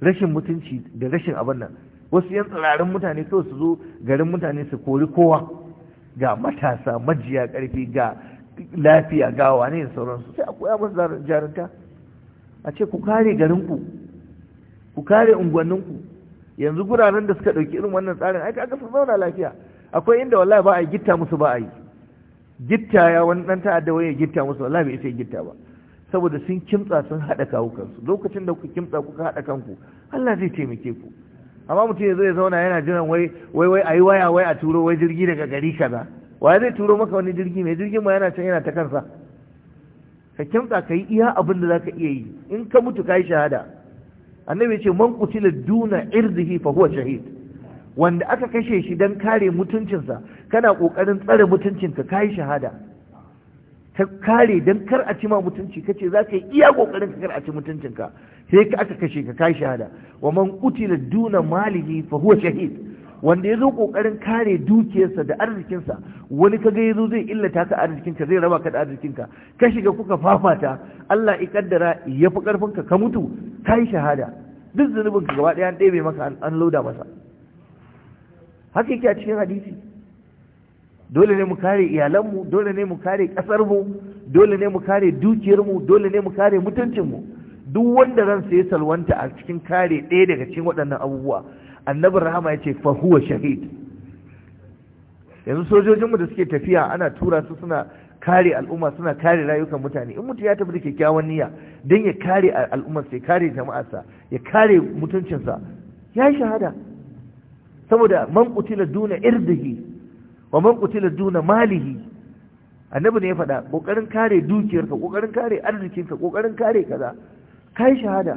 A: rashin mutunci da rashin abin nan wasu yan tsirarin mutane so su zo garin mutane su kori kowa ga matasa majiya karfi ga lafiya ga wane da sauransu sai a koya masu jarinta a ce ku kare garinku ku kare unguwanninku yanzu guraren da suka ɗauki irin wannan tsarin aika aka sun zauna lafiya akwai inda wallahi ba a yi gitta musu ba a yi gitta ya wani ɗan ta'adda waye gitta musu wallahi bai isa gitta ba saboda sun kimtsa sun haɗa kawukansu lokacin da kuka kimtsa kuka haɗa kanku Allah zai taimake ku amma mutum ya zo ya zauna yana jiran wai wai wai ayi waya wai a turo wai jirgi daga gari kaza wa zai turo maka wani jirgi mai jirgin ma yana can yana ta kansa ka kimtsa ka yi iya abin da zaka iya yi in ka mutu ka yi shahada annabi ya ce man qutila duna irdihi fa huwa shahid wanda aka kashe shi dan kare mutuncinsa kana kokarin tsare mutuncinka ka yi shahada ta kare don kar a ci ma mutunci kace za ka yi iya kokarin ka kar a ci mutuncinka sai ka aka kashe ka kai shahada wa man qutila duna malihi fa huwa shahid wanda yazo kokarin kare dukiyarsa da arzikinsa wani kaga yazo zai illata ka arzikinka zai raba ka da arzikinka ka shiga kuka fafata Allah ya kaddara ya fi karfinka ka mutu kai shahada duk ka gaba daya an ɗebe maka an loda masa haka yake cikin hadisi dole ne mu kare iyalanmu dole ne mu kare ƙasarmu dole ne mu kare dukiyarmu dole ne mu kare mutuncinmu duk wanda zan sai salwanta a cikin kare ɗaya daga cikin waɗannan abubuwa annabi rahama ya ce fa huwa shahid yanzu sojojinmu da suke tafiya ana tura su suna kare al'umma suna kare rayukan mutane in mutum ya tafi da kyakkyawan niyya don ya kare al'umma sai kare jama'arsa ya kare mutuncinsa ya shahada saboda man kutila duna irdihi wa man qutila duna malihi annabi ne ya faɗa kokarin kare dukiyarka kokarin kare arzikinka kokarin kare kaza kai shahada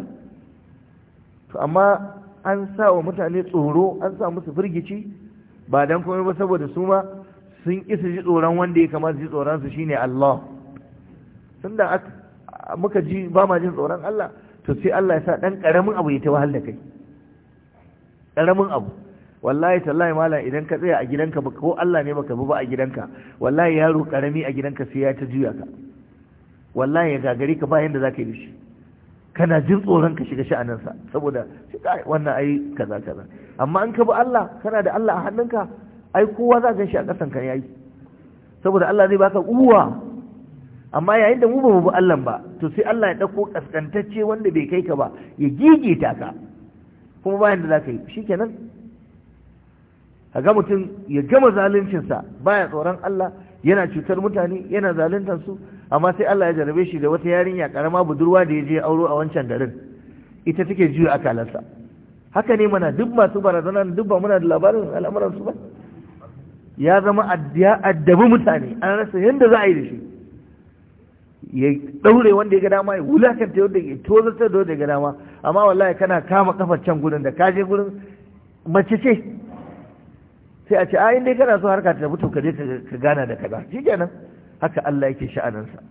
A: to amma an sa wa mutane tsoro an sa musu firgici ba dan komai ba saboda su ma sun isa su ji tsoron wanda ya kamata ji tsoron su shine Allah tunda muka ji ba ma jin tsoron Allah to sai Allah ya sa dan karamin abu ya ta wahal da kai karamin abu wallahi tallahi malam idan ka tsaya a gidanka ba ko Allah ne baka bi ba a gidanka wallahi yaro karami a gidanka sai ya ta juya ka wallahi ya gagari ka bayan da zaka yi shi kana jin tsoron ka shiga sha'anin sa saboda wannan ai kaza kaza amma in ka bi Allah kana da Allah a hannunka ai kowa za ka shi a kasan ka yayi saboda Allah zai baka uwa amma yayin da mu ba mu bi Allah ba to sai Allah ya dauko kaskantacce wanda bai kai ka ba ya gigita ka kuma bayan da zaka yi shikenan a ga mutum ya gama zaluncinsa baya tsoron Allah yana cutar mutane yana zaluntar su amma sai Allah ya jarabe shi da wata yarinya karama budurwa da ya je auro a wancan garin ita take juya akalarsa. haka ne mana duk masu barazana duk ba muna da labarin al'amuran su ba ya zama ya addabi mutane an rasa yadda za a yi da shi ya daure wanda ya ga dama ya wulakanta yadda ya tozarta da wanda ya ga dama amma wallahi kana kama kafar can gudun da kaje gudun mace ce sai a ce a ah, inda kana so harka ta mutu ka je ka gana da kaza kenan haka Allah yake sha'aninsa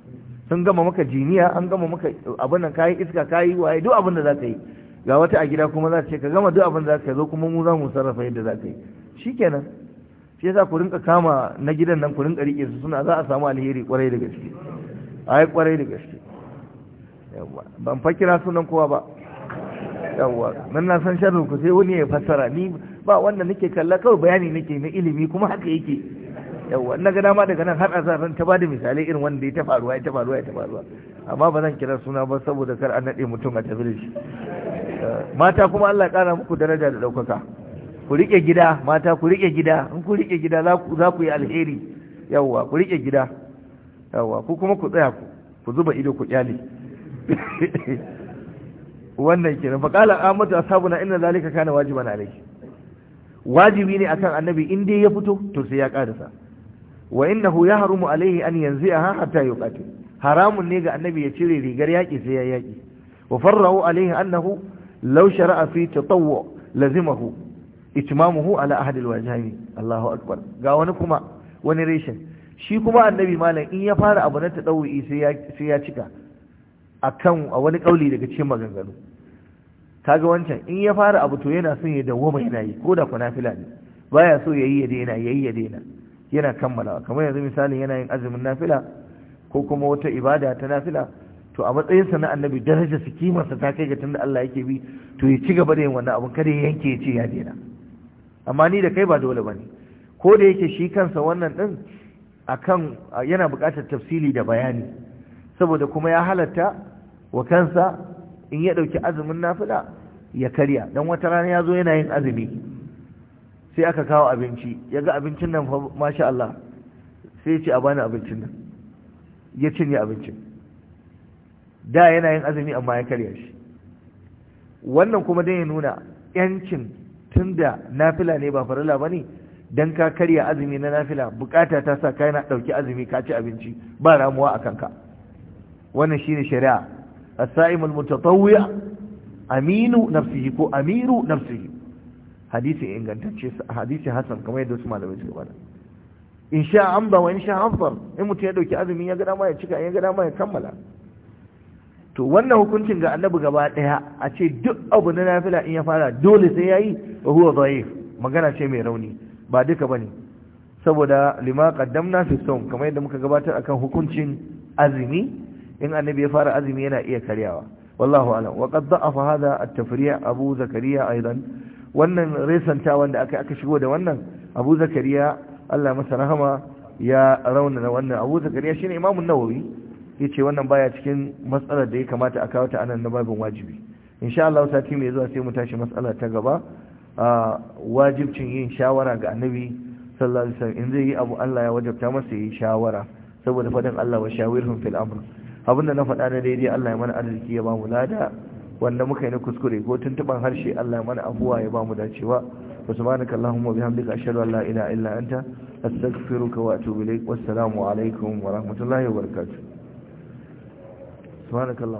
A: sun gama maka jiniya an gama maka abin nan kayi iska kayi waye duk abin da za ka yi ga wata a gida kuma za ta ce ka gama duk abin da za ka yi zo kuma mu za mu sarrafa yadda za ka yi kenan shi yasa ku rinka kama na gidan nan ku rinka rike su suna za a samu alheri kwarai da gaske ai kwarai da gaske yawa ban fakira sunan kowa ba yawa nan na san sharru ku sai wani ya fassara ni ba wanda nake kalla kawai bayani nake na ilimi kuma haka yake yawa na ga dama daga nan har a zan ta bada misalai irin wanda ya ta faruwa ya ta faruwa ya ta faruwa amma ba zan kira suna ba saboda kar an nade mutum a tafi shi mata kuma Allah kara muku daraja da daukaka ku rike gida mata ku rike gida in ku rike gida za ku yi alheri yawa ku rike gida yawa ku kuma ku tsaya ku ku zuba ido ku kyale wannan kenan fa qala amatu ashabuna inna zalika kana wajiban alayhi wajibi ne akan annabi in dai ya fito to sai ya karasa wa innahu yahrumu Alayhi an yanzi'aha hatta yuqati haramun ne ga annabi ya cire rigar yaki sai ya yaki wa farra'u alayhi annahu law shara'a fi tatawwu lazimahu itmamuhu ala ahad alwajhayn Allahu akbar ga wani kuma wani reshen shi kuma annabi malam in ya fara abu na tadawwi sai ya sai ya cika akan a wani kauli daga cikin maganganu kaga wancan in ya fara abu to yana son ya dawoma yana yi ko da kuna fila ne baya so ya yi ya daina yi ya daina yana kammalawa kamar yanzu misali yana yin azumin nafila ko kuma wata ibada ta nafila to a matsayin sa na annabi daraja su kimar sa ta kai ga tunda Allah yake bi to ya ci gaba da yin wannan abun kada ya yanke ya ce ya daina amma ni da kai ba dole bane ko da yake shi kansa wannan din akan yana buƙatar tafsili da bayani saboda kuma ya halatta wa kansa in ya ɗauki azumin nafila ya karya don wata rana ya zo yana yin azumi sai aka kawo abinci ya ga abincin nan masha Allah sai ce a bani abincin nan ya cinye abincin da yana yin azumi amma ya karya shi wannan kuma dai ya nuna yancin tun da nafila ne ba farilla ba ne don ka karya azumi na nafila bukata ta sa kai na ɗauki azumi ka ci abinci ba ramuwa a kanka wannan shine shari'a as-sa'imul mutatawwi' aminu nafsihi ko amiru nafsihi hadisi ingantacce hadisi hasan kamar yadda su malamai suka bada in sha amda wa in sha afdal in mutum ya dauki azumi ya gada dama ya cika ya gada dama ya kammala to wannan hukuncin ga annabi gaba daya a ce duk abu na nafila in ya fara dole sai yayi wa huwa dhaif magana ce mai rauni ba duka bane saboda lima qaddamna fi sawm kamar yadda muka gabatar akan hukuncin azumi in annabi ya fara azumi yana iya karyawa wallahu alam wa qad a hadha at-tafri' Abu Zakariya aidan wannan resanta wanda aka aka shigo da wannan Abu Zakariya Allah masa rahama ya wannan Abu Zakariya shine Imam an-Nawawi ce wannan baya cikin matsalar da ya kamata a kawo ta anan na babin wajibi insha Allah sati mai zuwa sai mu tashi matsalar ta gaba wajibcin yin shawara ga Annabi sallallahu in zai yi abu Allah ya wajabta masa yi shawara saboda faɗin Allah wa shawirhum fil abinda na faɗa na daidai Allah ya mana arziki ya ba mu lada wanda muka yi na kuskure ko tuntuban harshe Allah ya mana abuwa ya ba mu dacewa wa subhanaka allahumma bihamdika ashhadu an la ilaha illa anta astaghfiruka wa atubu ilaik wassalamu alaikum wa rahmatullahi wa barakatuh subhanaka